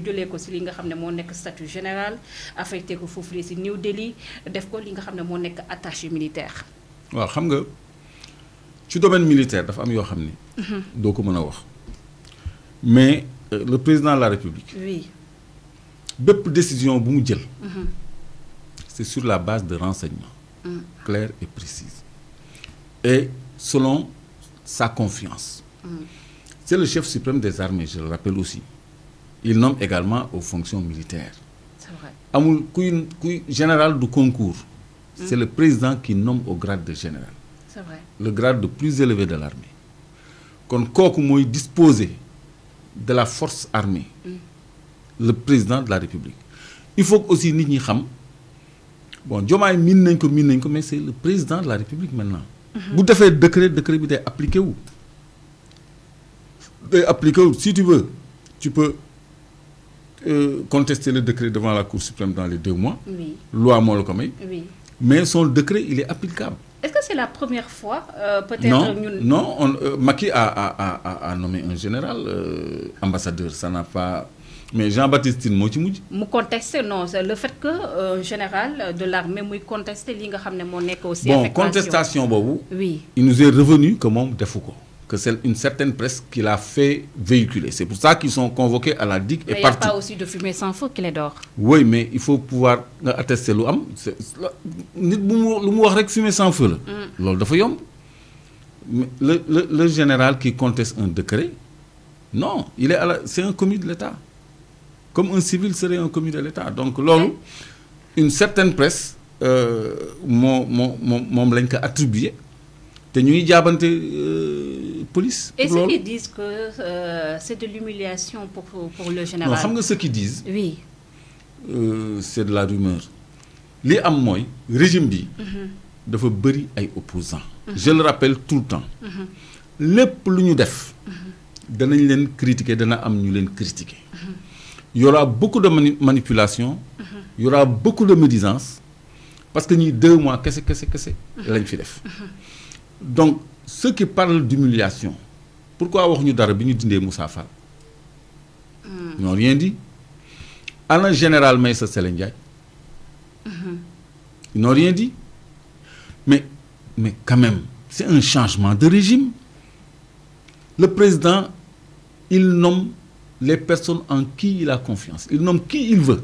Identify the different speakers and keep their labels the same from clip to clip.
Speaker 1: ñu jëlee ko si li nga xam ne moo statut général affecté ko foofu si New Delhi def ko li nga xam ne moo nekk attaché militaire.
Speaker 2: waaw xam nga ci domaine militaire dafa am yoo xam ni. Mhm. ko wax mais euh, le président de la république. oui bépp décision bu mu jël. Mhm. c'est sur la base de renseignements. Mm. clairs et précises. et selon sa confiance. Mm. C'est le chef suprême des armées, je le rappelle aussi il nomme également aux fonctions militaires. C'est vrai. amul général du concours. Hmm. c'est le président qui nomme au grade de général. c'est vrai le grade le plus élevé de l'armée. kon kooku mooy disposer de la force armée. Hmm. le président de la république. il faut que aussi nit ñi xam bon Diomaye miin nañ ko mais c'est le président de la république maintenant. Hmm. bu defee décret décret bi day appliqué wu. si tu veux tu peux. Euh, contester le décret devant la Cour suprême dans les deux mois. Oui. Loi Molokamei. Oui. Mais son décret, il est applicable.
Speaker 1: Est-ce que c'est la première fois euh, peut-être Non, non
Speaker 2: euh, Maki a, nommé un général ambassadeur. Ça n'a mais Jean-Baptiste Tine Je me, je
Speaker 1: mu contesté non le fait que général de l'armée moui conteste li nga aussi. bon contestation oui
Speaker 2: il nous est revenu comme homme de Foucault que c'est une certaine presse qui l'a fait véhiculer. C'est pour ça qu'ils sont convoqués à la DIC et Mais Il n'y a pas
Speaker 1: aussi de fumer sans feu qu'il est dort.
Speaker 2: Oui, mais il faut pouvoir attester lu sans feu C'est mm. le général qui conteste un décret non c'est un commis de l'État comme un civil serait un commis de l'État donc une certaine presse mon blanc attribué police. Et ceux qui
Speaker 1: disent que euh, c'est de l'humiliation pour, pour, le général. Non,
Speaker 2: c'est ce qu'ils disent Oui. Euh, c'est de la rumeur. Les am le régime bi mhm. dafa bari les opposants. Mhm. Je le rappelle tout le temps. Les plus nous def mhm. danañ critiquer dana am ñu critiquer. Il y aura beaucoup de manipulation, il y aura beaucoup de médisance parce que ñi deux mois qu'est-ce que c'est, qu'est-ce lañ fi def. Donc ceux qui parlent d'humiliation pourquoi avoir dara hmm. ils n'ont rien dit. Alain général hmm. ils n'ont rien dit mais mais quand même c'est un changement de régime le président il nomme les personnes en qui il a confiance il nomme qui il veut.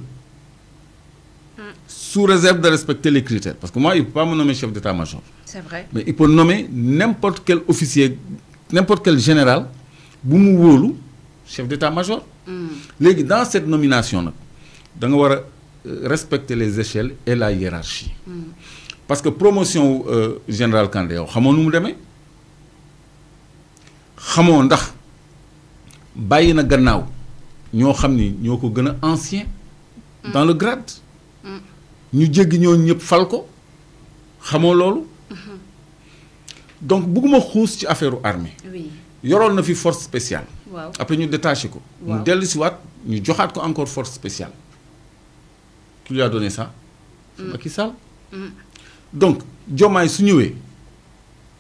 Speaker 2: Hmm. sous réserve de respecter les critères parce que moi il ne peut pas me nommer chef d'état-major.
Speaker 1: C'est vrai. Mais il
Speaker 2: peut nommer n'importe quel officier, n'importe quel général, Boumou chef d'état-major. Hmm. Dans cette nomination, il faut euh, respecter les échelles et la hiérarchie. Hmm. Parce que promotion euh, général Kandé, vous sait nous demain. nous ndax bàyyi na gannaaw faire. Nous ni ñoo ko ancien hmm. dans le grade ñu jéggi ñoo ñëpp fal ko des loolu Uh-huh. donc bëgguma de ci affaire armée y na une force spéciale. waaw après ñu détachons. ko. mu dellu nous waat ñu avons ko encore force spéciale. qui lui a donné ça. ça mm. mm. donc Diomaye su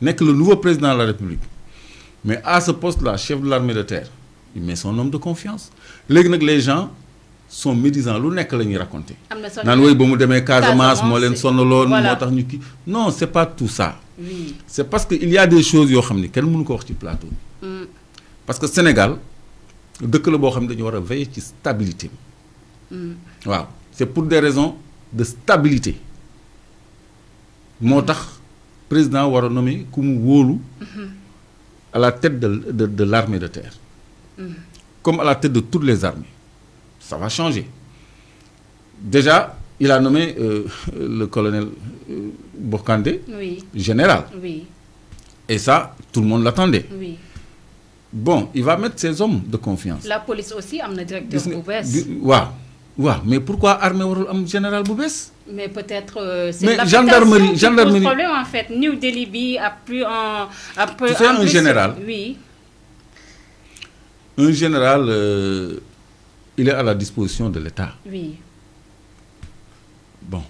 Speaker 2: N'est que le nouveau président de la République mais à ce poste là chef de l'armée de terre il met son homme de confiance les gens sont médisants lu nek lañuy raconter. Nan way woy ba mu demee Casamance mo len sonaloon moo nous ñu kii non c'est pas tout ça. Oui. C'est parce que il y a des choses yo xamni ni kenn mënu ko wax ci plateau mm. parce que Sénégal dëkk la bo xamni dañu wara ci stabilité mm. waaw c'est pour des raisons de stabilité Motax président wara a ku mu mm-hmm. à la tête de de de l'armée de terre. Mm. comme à la tête de toutes les armées ça va changer. Déjà, il a nommé euh, le colonel euh,
Speaker 1: oui. général. Oui.
Speaker 2: Et ça, tout le monde l'attendait. Oui. Bon, il va mettre ses hommes de confiance. La
Speaker 1: police aussi a un directeur Boubès.
Speaker 2: Ouais, mais pourquoi armée un général Boubès
Speaker 1: Mais peut-être euh, Mais c'est la gendarmerie, qui gendarmerie. Pose problème en fait. New Delhi a plus un, a tu un général. Oui.
Speaker 2: Un général euh, il est à la disposition de l'État. Oui. Bon,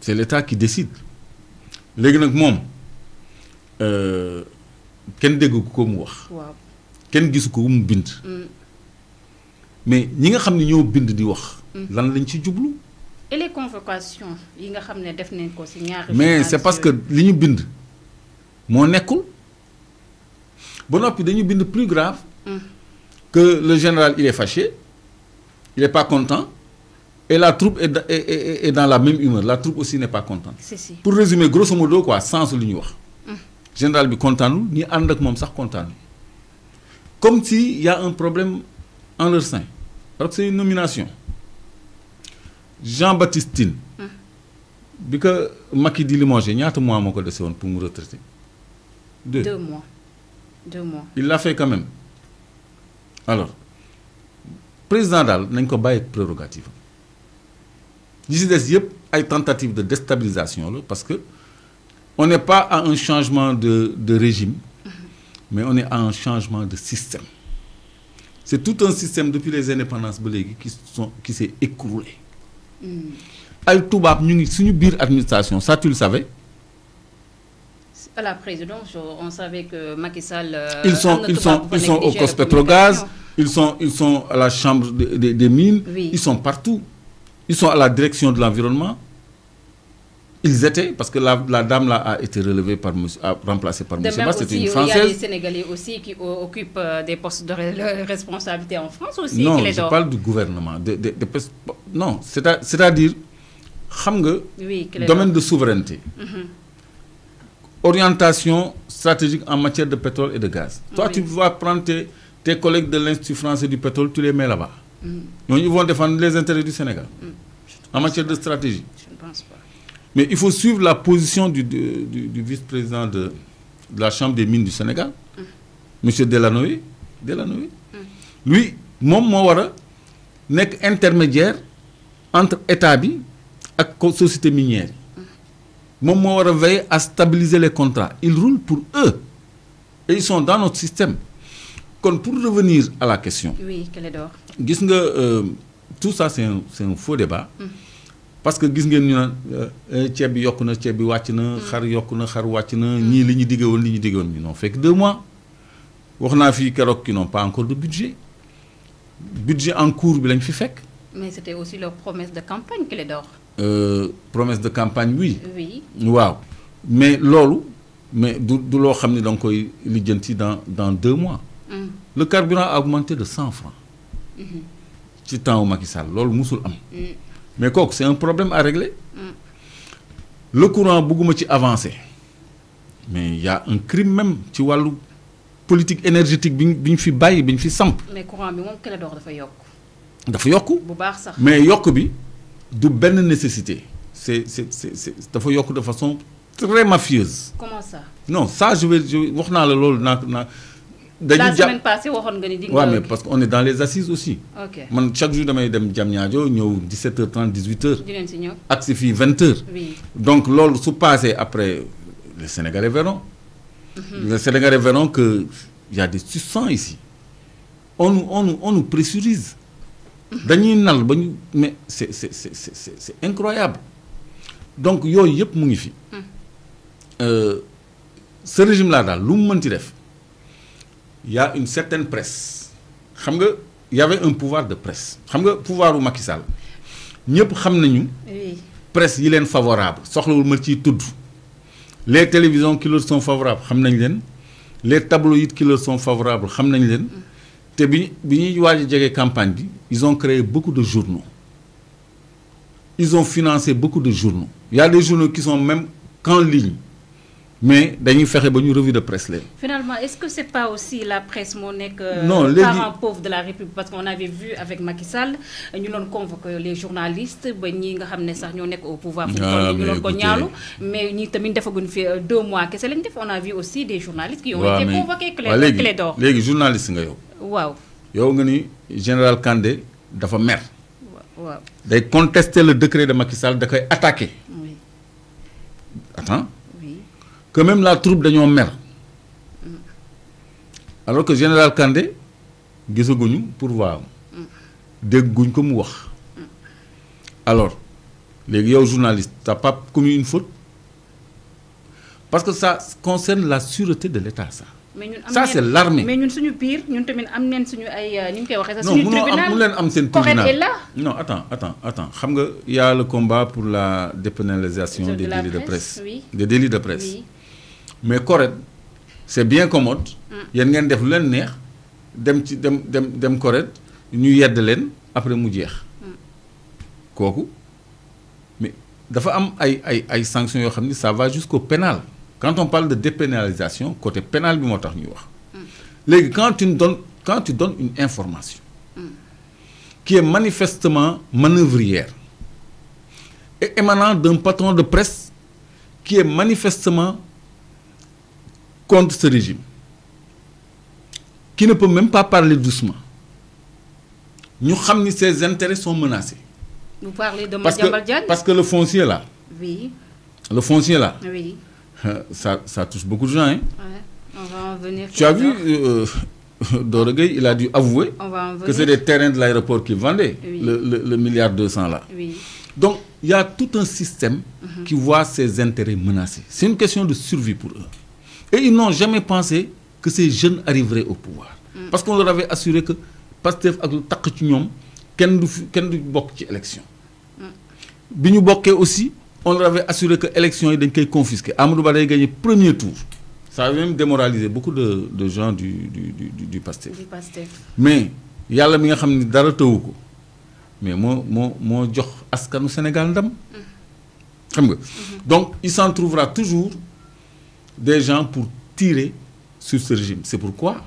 Speaker 2: c'est l'État qui décide. Les mom euh ken dégg ko mu wax. bind. Mm. mais ñi nga xamni ñoo bind di
Speaker 1: mm. et les convocations yi nga def mais c'est parce que
Speaker 2: li bind nekkul plus grave. Mm. que le général il est fâché il n'est pas content. Et la troupe est, est, est, est, dans la même humeur. La troupe aussi n'est pas contente. Pour résumer, grosso modo, quoi, sans l'ignorant. le général est content nous, ni Andak content Comme s'il y a un problème en leur sein. Alors que c'est une nomination. Jean-Baptiste Tine. Hum. bi ko Macky di il ñaata à moo pour me retraiter. deux
Speaker 1: mois deux mois.
Speaker 2: il l'a fait quand même alors président dal nañ ko bàyyi prérogative ñi si des yëpp ay tentative de déstabilisation parce que on n'est pas à un changement de régime mais on est à un changement de système c'est tout un système depuis les indépendances ba qui sont qui s'est écroulé mm. ay tubaab ñu ngi suñu biir administration ça tu le savais
Speaker 1: à la présidence, on savait que Macky Sall. Euh, ils sont, ils sont, ils sont au Cospetrogaz,
Speaker 2: ils sont, ils sont à la Chambre des mines, ils sont partout. Ils sont à la direction de l'environnement. Ils étaient, parce que la, dame là a été relevée par a remplacée par M. C'était une Française. Il y a des
Speaker 1: Sénégalais aussi qui occupent euh, des postes de responsabilité en France aussi. Non, je parle
Speaker 2: du gouvernement. non, c'est-à-dire, domaine de souveraineté. Mhm orientation stratégique en matière de pétrole et de gaz. Toi, tu vas prendre tes, collègues de l'Institut français du pétrole, tu les mets là-bas. Mm. Ils vont défendre les intérêts du Sénégal
Speaker 1: mm.
Speaker 2: en matière de stratégie. Je ne pense pas. Mais il faut suivre la position du, vice-président de, la Chambre des mines du Sénégal, M. Mm. Delanoï. Lui, mon Mawara, n'est intermédiaire entre État et société minière. Moi, moo a à stabiliser les contrats ils roulent pour eux et ils sont dans notre système Comme pour revenir à la question.
Speaker 1: oui Clédor.
Speaker 2: est nga euh, tout ça c'est un c'est un faux débat. Mm. parce que vous ngeen ñu naan euh, eh, ceeb bi yokk na ceeb bi mm. xar xar mm. deux mois wax naa fii n'ont pas encore de budget budget en cours bi lañ fi
Speaker 1: mais c'était aussi leur promesse de campagne est d'or.
Speaker 2: Euh, promesse de campagne oui. oui waaw mais loolu mais du du loo xam ne da nga dans dans deux mois. Hum. le carburant a augmenté de 100 francs. Hum. ci temps wu Macky Sall loolu musul am. Hum. mais quoi, c'est un problème à régler. le courant bëgguma ci avancer mais il y a un crime même ci wàllu politique énergétique bi fi baye, bi fi samp.
Speaker 1: mais courant bi moom Clédor dafa yokk. dafa yokk bu baax sax mais
Speaker 2: Yoko bi de belle nécessité c'est c'est c'est de façon très mafieuse. comment ça. non ça je vais je wax la la semaine
Speaker 1: passée on a ni Oui, mais parce qu'on est
Speaker 2: dans les assises aussi. ok chaque jour damay dem Diamniadio 17h30 18h. dinañ ak 20h. oui donc qui se passe après les Sénégalais verront. Mhm. les Sénégalais verront que y a des suçons ici on on on nous pressurise dañuy nal ba ñu mais c'est c'est c'est c'est c'est incroyable donc yooyu yëpp mu ngi fi hmm. euh, ce régime là daal lu mu mënti def y a une certaine presse xam nga y avait un pouvoir de presse xam nga pouvoir u Macky Sall ñëpp xam nañu presse yi leen favorable soxlawul ma ciy tudd les télévisions qui leur sont favorables xam nañ leen les tabloïds qui leur sont favorables xam nañ leen hmm ils ont créé beaucoup de journaux ils ont financé beaucoup de journaux il y a des journaux qui sont même qu'en ligne mais ils ont ba ñu revue de presse
Speaker 1: finalement est-ce que ce n'est pas aussi la presse Qui est parents pauvres pauvre de la République parce qu'on avait vu avec Macky Sall ñu avons convoqué les journalistes ba ñi au pouvoir. Ah, mais ñi avons fait euh, deux mois on a vu aussi des journalistes. qui ont été convoqués Les d'or
Speaker 2: Les journalistes waaw yow nga général Kandé dafa mer. waaw contester le décret de Macky Sall da koy attaquer. oui attends. oui que même la troupe dañoo mer. Mm. alors que général Kandé gisaguñu été mm. dégguñ ko mu wax. Mm. alors les yow journaliste t'as pas commis une faute parce que ça concerne la sûreté de l'État ça
Speaker 1: mais ñun am ça c'est l'armée mais ñun suñu biir ñun tamit am neen suñu ay euh, ni ñu koy waxee sax suñu tribunal non leen am seen tribunal
Speaker 2: non attends attends attends xam nga y a le combat pour la dépénalisation des délits de presse des délits de presse mais CORED c'est bien commode mm. yéen ngeen def lu leen neex dem ci dem dem dem CORED ñu yedd l'en après mu jeex mm. kooku mais dafa am ay ay ay sanctions yoo xam ça va jusqu'au pénal quand on parle de dépénalisation côté pénal hmm. du quand tu donnes une information hmm. qui est manifestement manœuvrière et émanant d'un patron de presse qui est manifestement contre ce régime qui ne peut même pas parler doucement nous savons que ses intérêts sont menacés.
Speaker 1: vous parlez de parce
Speaker 2: que le foncier là. oui. le foncier là. oui. Euh, ça, touche beaucoup de gens. Hein.
Speaker 1: on va en venir. Tu
Speaker 2: as vu, euh, il a dû avouer que c'est des terrains de l'aéroport qui vendaient, le, milliard le, milliard 200 là. Donc, il y a tout un système mhm. qui voit ses intérêts menacés. C'est une question de survie pour eux. Et ils n'ont jamais pensé que ces jeunes arriveraient au pouvoir. Mhm. Parce qu'on leur avait assuré que Pasteur que lu ci ñoom kenn du mhm. aussi on leur avait assuré que l'élection est confisquée. Amadou Badaï a gagné premier tour. Ça avait même démoralisé beaucoup de, gens du, du, du, du, Mais, il y a des gens qui ne Mais moi, moi, moi, je suis au Sénégal. Mm-hmm. Mm-hmm. Donc, il s'en trouvera toujours des gens pour tirer sur ce régime. C'est pourquoi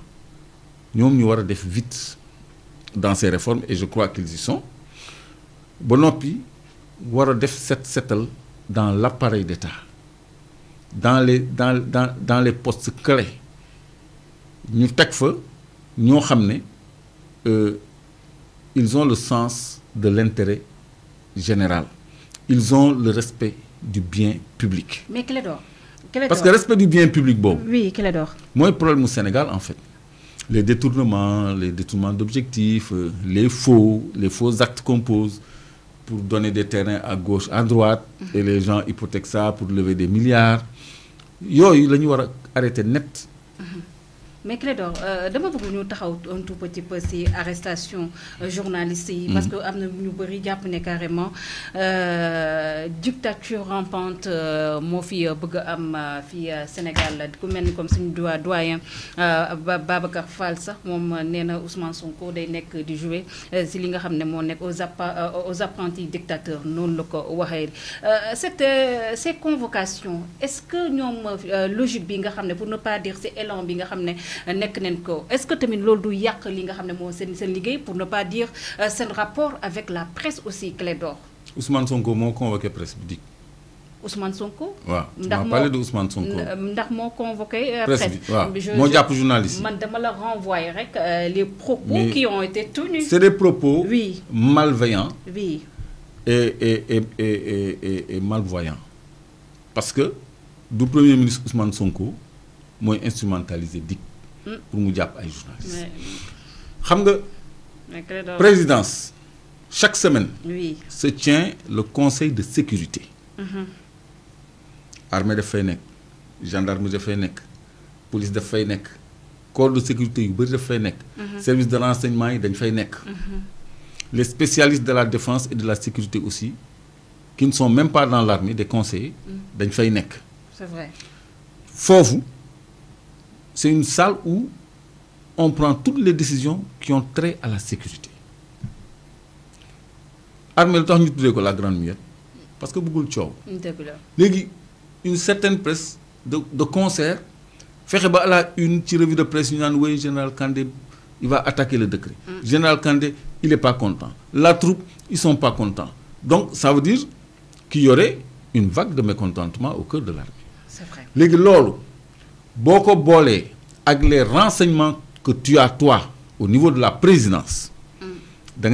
Speaker 2: nous devons faire vite dans ces réformes et je crois qu'ils y sont. Bonopi, nous 7 faire cette dans l'appareil d'État, dans les, dans, dans, dans les postes clés. Nous fait, nous ils ont le sens de l'intérêt général. Ils ont le respect du bien public.
Speaker 1: Mais quel est Parce que le respect
Speaker 2: du bien public, bon. Oui, quel est Moi, le problème au Sénégal, en fait, les détournements, les détournements d'objectifs, euh, les faux, les faux actes qu'on pour donner des terrains à gauche, à droite, et les gens hypothèquent ça pour lever des milliards. Yo, il a arrêté net
Speaker 1: mais Clédor euh, dama bëgg ñu taxaw un tout petit peu ci arrestation euh, journalistes mm. parce que am na ñu bëri jàpp ne carrément euh, dictature rampante moo fi bëgg am fii Sénégal ku mel ni comme suñu doyen Babacar Fall sax moom nee Ousmane Sonko day nekk du jouer ci li nga xam ne nekk aux apprentis dictateurs non la ko waxee cette ces convocations est-ce que ñoom logique bi nga xam pour ne pas dire c'est élan bi nga xam nek neen ko est-ce que tamit lolou du yak li nga xam mo sen sen seen pour ne pas dire euh, sen rapport avec la presse aussi d'or
Speaker 2: Ousmane Sonko moo convoqué presse bi
Speaker 1: Ousmane Sonko. wa ndax parlé de Ousmane Sonko. Euh, ndax mo convoqué. Euh, presse bi waaw journaliste man dama la renvoyer rek les propos qui ont été tenus. c'est
Speaker 2: des propos. oui malveillants. oui et et et et et malveillants. parce que du premier ministre Ousmane Sonko mooy instrumentaliser dit pour mu journalistes.
Speaker 1: présidence
Speaker 2: chaque semaine. se tient le conseil de sécurité. Mhm. armée de fay gendarmerie de fay police de fay corps de sécurité yu mhm. service de renseignement yi dañ fay mhm. les spécialistes de la défense et de la sécurité aussi qui ne sont même pas dans l'armée des conseillers dañ fay c'est vrai vous c'est une salle où on prend toutes les décisions qui ont trait à la sécurité armée le tax ñu tuddee ko la grande miette, parce que beaucoup de choses. une certaine presse de concert fait ba là, une petite revue de presse une général Kandé il va attaquer le décret. Mm. général Kandé il n'est pas content la troupe ils ne sont pas contents donc ça veut dire qu'il y aurait une vague de mécontentement au cœur de l'armée. C'est vrai Boko bolé avec les renseignements que tu as toi au niveau de la présidence mm. da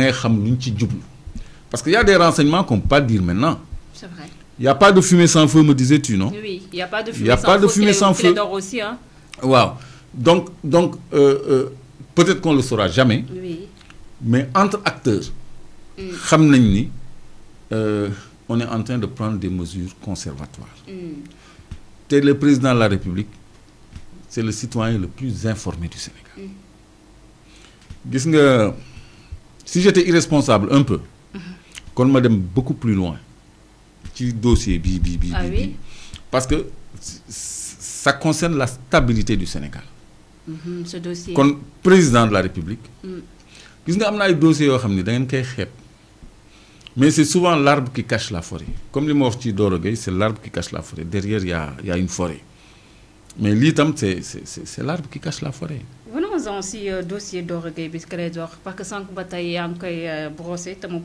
Speaker 2: parce qu'il y a des renseignements qu'on ne peut pas dire maintenant. c'est vrai y a pas de fumée sans feu me disais-tu non.
Speaker 1: oui il y a pas de fumée sans feu il y a pas de fumée sans feu aussi hein.
Speaker 2: donc donc euh, euh, peut-être qu'on ne le saura jamais. oui mais entre acteurs. Mm. Euh, on est en train de prendre des mesures conservatoires. Mm. tu es le président de la République c'est le citoyen le plus informé du Sénégal. Mm. si j'étais irresponsable un peu. qu'on mm-hmm. me dem beaucoup plus loin petit dossier ah parce que ça concerne la stabilité du Sénégal.
Speaker 1: Mm-hmm, ce
Speaker 2: président de la République.
Speaker 1: Mm.
Speaker 2: nga un dossier Mais c'est souvent l'arbre qui cache la forêt. Comme les mortiers d'Orgueil, c'est l'arbre qui cache la forêt. Derrière, il y a une forêt mais lii c'est c' est c' qui cache la forêt.
Speaker 1: venons-en si euh, dossier Doro Gueye bi CREDOR parce que sànq ba tey yaa ngi koy euh, brosser te mu